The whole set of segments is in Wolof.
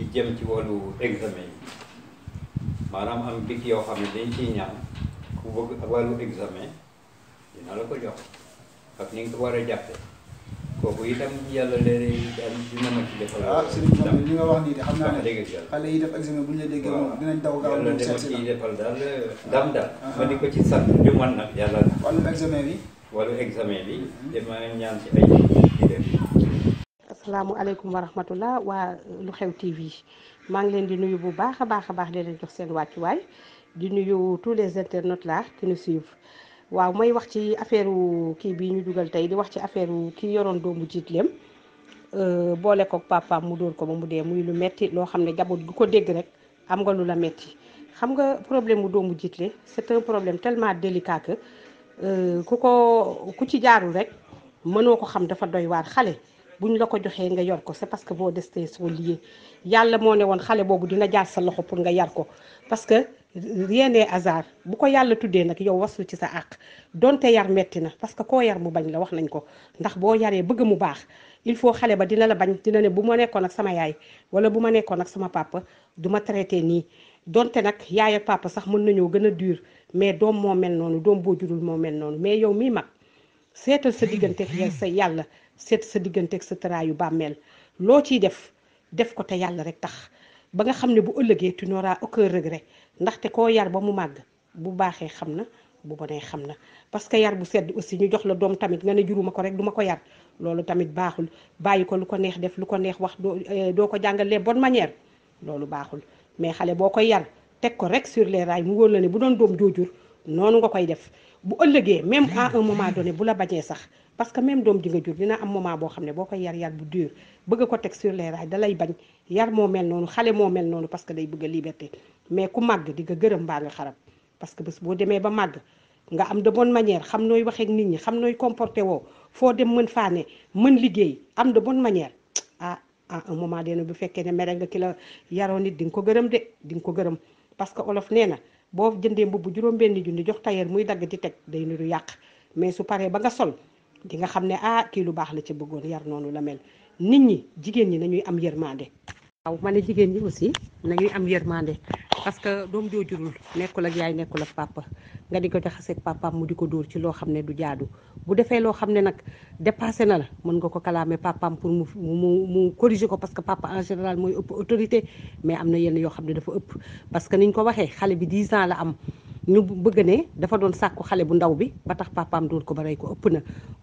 di jëm ci wàllu examen yi maanaam am bic yoo xam ne dañ ci ñaan ku bëgg ak wàllu examen dina la ko jox ak ni nga war a jàppe kooku itam yàlla léeg-léeg daal dina ma ci defal. waaw ah, sëriñ li nga xam naa ne xale yi def examen bu ñu la déggee moom dinañ daw gaaw ñu seet si la defal daal eh, dam daal. Ah, ah. ma di ko ci sant di man nag yàlla. wàllu examen yi wàllu examen bi. Mm-hmm. dama ñaan ci ay. asalaamualeykum wa rahmatullah waa euh, lu xew TV maa ngi leen di nuyu bu baax a baax a baax de leen jox seen wàccuwaay di nuyu tous les internautes là qui nous suivent waaw may wax ci affaire kii bii ñu dugal tey di wax ci affaire kii yoroon doomu jiitleem euh, boole ko papaam mu dóor ko ba mu dee muy lu metti loo xam ne jaboot gu ko dégg rek am nga lu la metti xam nga problème mu doomu jiitle c'est un problème tellement délicat que euh, ku ko ku ci jaarul rek mënoo ko xam dafa doy waar xale bu ñu la ko joxee nga yor ko c'est parce que boo destee soo lié yàlla moo ne woon xale boobu dina jaar sa loxo pour nga yar ko parce que rien n'est hasard bu ko yàlla tuddee nag yow waslu ci sa àq donte yar metti na parce que koo yar bañ la wax nañ ko ndax boo yaree bëgg mu baax il faut xale ba dina la bañ dina ne bu ma nekkoon ak sama yaay wala bu ma nekkoon sama papa du ma nii donte nag yaay ak sax mën nañoo gën a dur mais doom moo mel noonu doom boo jurul moo mel noonu mais yow mii mag seetal sa diggante sa yàlla seet sa diggante ak sa yu bàmmeel loo ciy def def ko te yàlla rek tax ba nga xam ne bu ëllëgee tu n'auras aucun regret ndaxte koo yar ba mu màgg bu baaxee xam na bu bonee xam na parce que yar bu sedd aussi ñu jox la doom tamit nga ne juruma ko rek duma ko yar loolu tamit baaxul bàyyi ko lu ko neex def lu ko neex wax doo euh, doo ko jàngale bon bonnes loolu baaxul mais xale boo koy yar teg ko rek sur les rails mu wóor la ne bu doon doom joojur noonu nga koy def bu ëllëgee même à un moment donné bu la bañee sax parce que même doom ji nga jur dina am moment boo xam ne boo koy yar yar bu dur bëgg ko teg sur les rails dalay bañ yar moo mel noonu xale moo mel noonu parce que day bëgg liberté mais ku màgg di nga gërëm mbaa nga xarab parce que bés boo demee ba màgg nga am de bonne manière xam nooy waxee nit ñi xam nooy comporté woo foo dem mën faane mën liggéey am de bonne manière ah à un moment donné bu fekkee ne mere nga ki la yaroo nit di nga ko gërëm de di nga ko gërëm parce que olof nee na boo jëndee mbubb juróom-benni junni jox tailleur muy dagg di teg day niru yàq mais su paree ba nga sol di nga xam ne ah kii lu baax la ci bëggoon yar noonu la mel nit ñi jigéen ñi nañuy am yërmande. waaw ma ne jigéen ñi aussi nañuy am yërmande parce que doom joo jurul nekkul ak yaay nekkul ak papa nga di ko jaxaseeg papaam mu di ko dóor ci loo xam ne du jaadu bu defee loo xam ne nag dépassé na la mën nga ko kalaame papaam pour mu mu mu mu corriger ko parce que papa en général mooy ëpp autorité mais am na yenn yoo xam ne dafa ëpp parce que niñ ko waxee xale bi 10 ans la am ñu bëgg ne dafa doon sàkku xale bu ndaw bi ba tax papaam doon ko ba rey ko ëpp na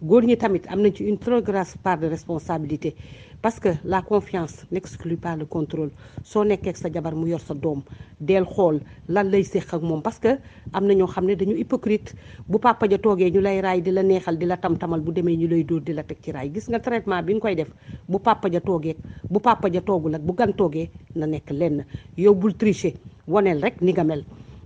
góor ñi tamit am nañ ci une trop grosse de responsabilité parce que la confiance n'exclut pas le contrôle soo nekkee sa jabar mu yor sa doom deel xool lan lay séq ak moom parce que am na ñoo xam ne dañu hypocrite bu papa ja toogee ñu lay raay di la neexal di la tam-tamal bu demee ñu lay dóor di la teg ci raay gis nga traitement bi nga koy def bu papa toogee bu papa ja toogul bu gan toogee na nekk lenn yow bul rek ni nga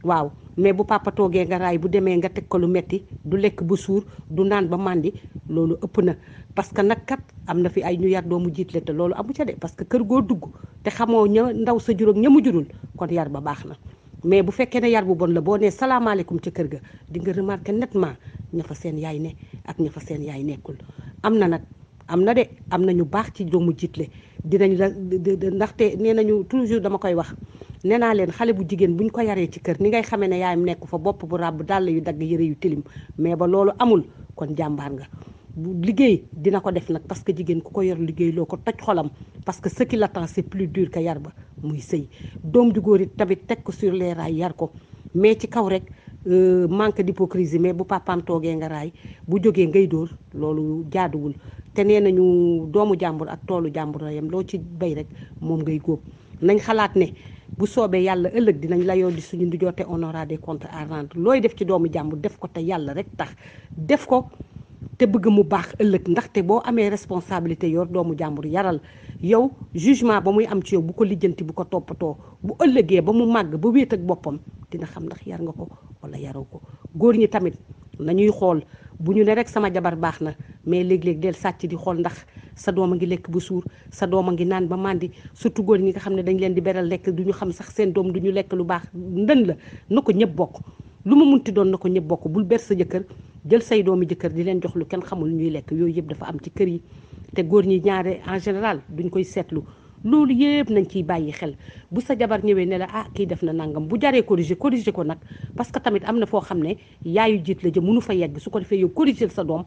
waaw mais bu papa toogee nga raay bu demee nga teg ko lu metti du lekk bu suur du naan ba màndi loolu ëpp na parce que nag kat am na fi ay ñu yar doomu jiitle te loolu amu ca de parce que kër goo dugg te xamoo ña ndaw sa juróom ña mu jurul kon yar ba baax na mais bu fekkee ne yar bu bon la boo nee salaamaaleykum ca kër ga di nga remarqué nettement ña fa seen yaay ne ak ña fa seen yaay nekkul am na nag am na de am na ñu baax ci doomu jiitle dinañ la ndaxte nee nañu toujours dama koy wax nee naa leen xale bu jigéen buñ ko yaree ci kër ni ngay xamee ne yaayam nekk fa bopp bu ràbb dàll yu dagg yëre yu tilim mais ba loolu amul kon jàmbaar nga bu liggéey dina ko def nag parce que jigéen ku ko yor liggéey loo ko toj xolam parce que ce qui l'attend c'est plus dur que yar ba muy sëy doom ju góor it tamit teg ko sur les rails yar ko mais ci kaw rek euh, manque d'hypocrisie mais bu papaam toogee nga raay bu jógee ngay dóor loolu jaaduwul te nee nañu doomu jàmbur ak toolu jàmbur la yem ci bay rek moom ngay góob nañ xalaat ne bu soobee yàlla ëllëg dinañ la yoon di suñu ndi joote on aura des comptes looy def ci doomu jàmbur def ko te yàlla rek tax def ko te bëgg mu baax ëllëg ndaxte boo amee responsabilité yor doomu jàmbur yaral yow jugement ba muy am ci yow bu ko lijjanti bu ko toppatoo bu ëllëgee ba mu màgg ba wéet ak boppam dina xam ndax yar nga ko wala yaroo ko góor ñi tamit nañuy xool bu ñu ne rek sama jabar baax na mais léeg-léeg del sàcc di xool ndax sa doom a ngi lekk bu suur sa doom a ngi naan ba màndi surtout góor ñi nga xam ne dañ leen di beral lekk duñu xam sax seen doom duñu lekk lu baax ndën la na ko ñëpp bokk lu ma munti doon na ko ñëpp bokk ber sa jëkkër jël say doomi jëkkër di leen jox lu kenn xamul ñuy lekk yooyu yëpp dafa am ci kër yi te góor ñi ñaare en général duñ koy seetlu loolu yëpp nañ ciy bàyyi xel bu sa jabar ñëwee ne la ah kii def na nangam bu jaree corriger corriger ko nag parce que tamit am na foo xam ne yaayu jiit la jë mënu fa yegg su ko defee yow corriger sa doom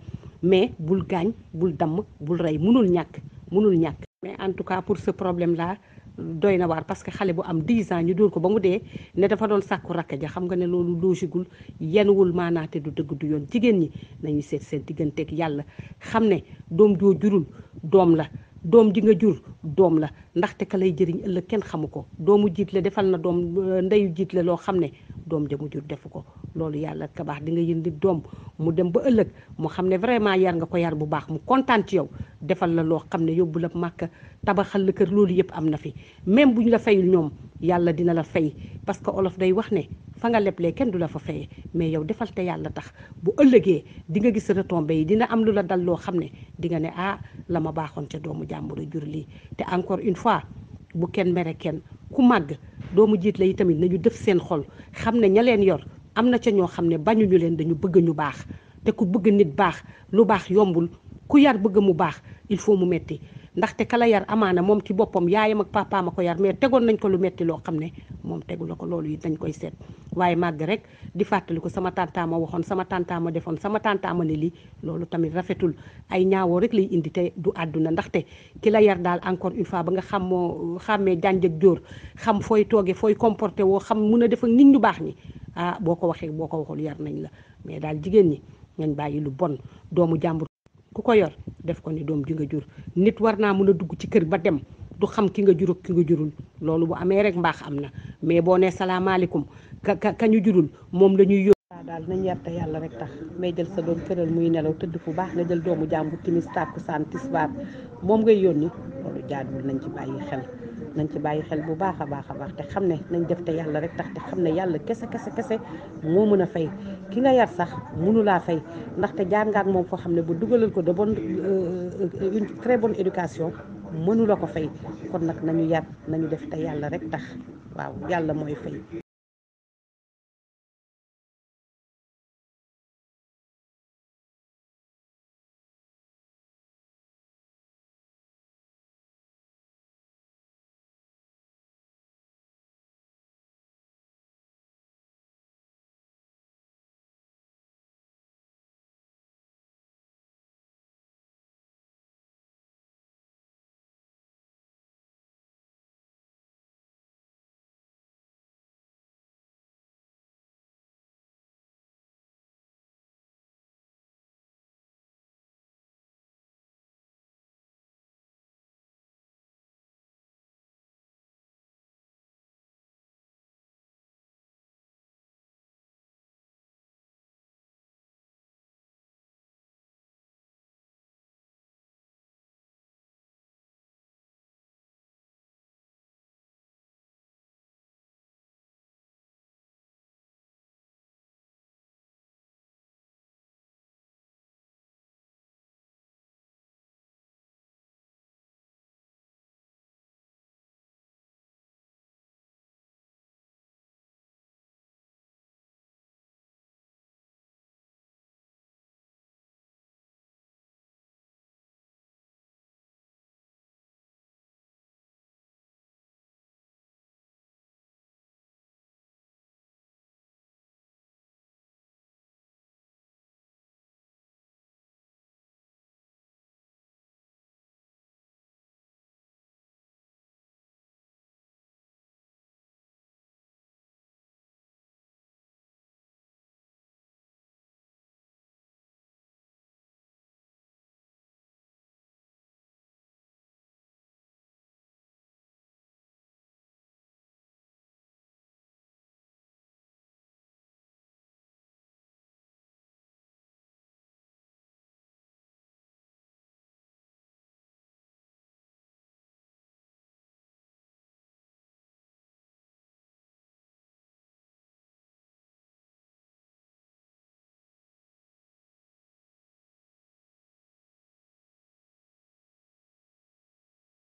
mais bul gaañ bul damm bul rey mënul ñàkk mënul ñàkk mais en tout cas pour ce problème là doy na waar parce que xale bu am 10 ans ñu dóor ko ba mu dee ne dafa doon sàkku rakk ja xam nga ne loolu logiqueul yenuwul maanaate du dëgg du yoon jigéen ñi nañu seet seen digganteeg yàlla xam ne doom joo jurul doom la doom ji nga jur doom la ndaxte ka lay jëriñ ëllëg kenn xamu ko doomu jiit la defal na doom euh, ndeyu jiit la loo xam ne doom ja mu jur defu ko loolu yàlla ka baax di nga yëndi doom mu dem ba ëllëg mu xam ne vraiment yar nga ko yar bu baax mu kontaan ci yow defal la loo xam ne yóbbu la màkk tabaxal la kër loolu yëpp am na fi même bu ñu la fayul ñoom yàlla dina la fay parce que olof day wax ne fa nga leblee kenn du la fa fayee mais yow defal te yàlla tax bu ëllëgee di nga gis retombées yi dina am lu la dal loo xam ne di nga ne ah la ma baaxoon ca doomu jàmbur jur lii te encore une fois bu kenn mere kenn ku màgg doomu jiit la yi tamit nañu def seen xol xam ne ña leen yor am na ca ñoo xam ne bañuñu leen dañu bëgg ñu baax te ku bëgg nit baax lu baax yombul ku yar bëgg mu baax il faut mu metti ndaxte kala yar amaana moom ci boppam yaayam ak papaam a ko yar mais tegoon nañ ko lu metti loo xam ne moom tegu ko loolu yi dañ koy seet waaye màgg rek di fàttali ko sama tantaama waxoon sama tantaama defoon sama tantaama ne lii loolu tamit rafetul ay ñaawoo rek lay indi te du àdduna ndaxte ki la yar daal encore une fois ba nga xam moo xàmmee jànjak jóor xam fooy tooge fooy comporté woo xam mun a def nit ñu baax ñi ah boo ko waxee boo ko waxul yar nañ la mais daal jigéen ñi ngeen bàyyi lu bon doomu jàmbur ku ko yor def ko ni doom ji nga jur nit war naa mën a dugg ci kër ba dem du xam ki nga jur ak ki nga jurul loolu bu amee rek mbaax am na mais boo nee salaamaaleykum ka ka jurul moom la ñuy yóbbu. daal nañ yarte yàlla rek tax may jël sa doom tëral muy nelaw tëdd fu baax nga jël doomu jàmbur timis tàkkusaan tisbaar moom ngay yónni loolu jaaduwul nañ ci bàyyi xel. nañ ci bàyyi xel bu baax a baax a baax te xam ne nañ def te yàlla rek tax te xam ne yàlla kese kese kese moo mën a fay ki nga yar sax mënulaa fay ndaxte jaar nga moom foo xam ne bu dugalal ko de bon euh, euh, une très bonne éducation mënu ko fay kon nag nañu yar nañu def te yàlla rek tax waaw yàlla mooy fay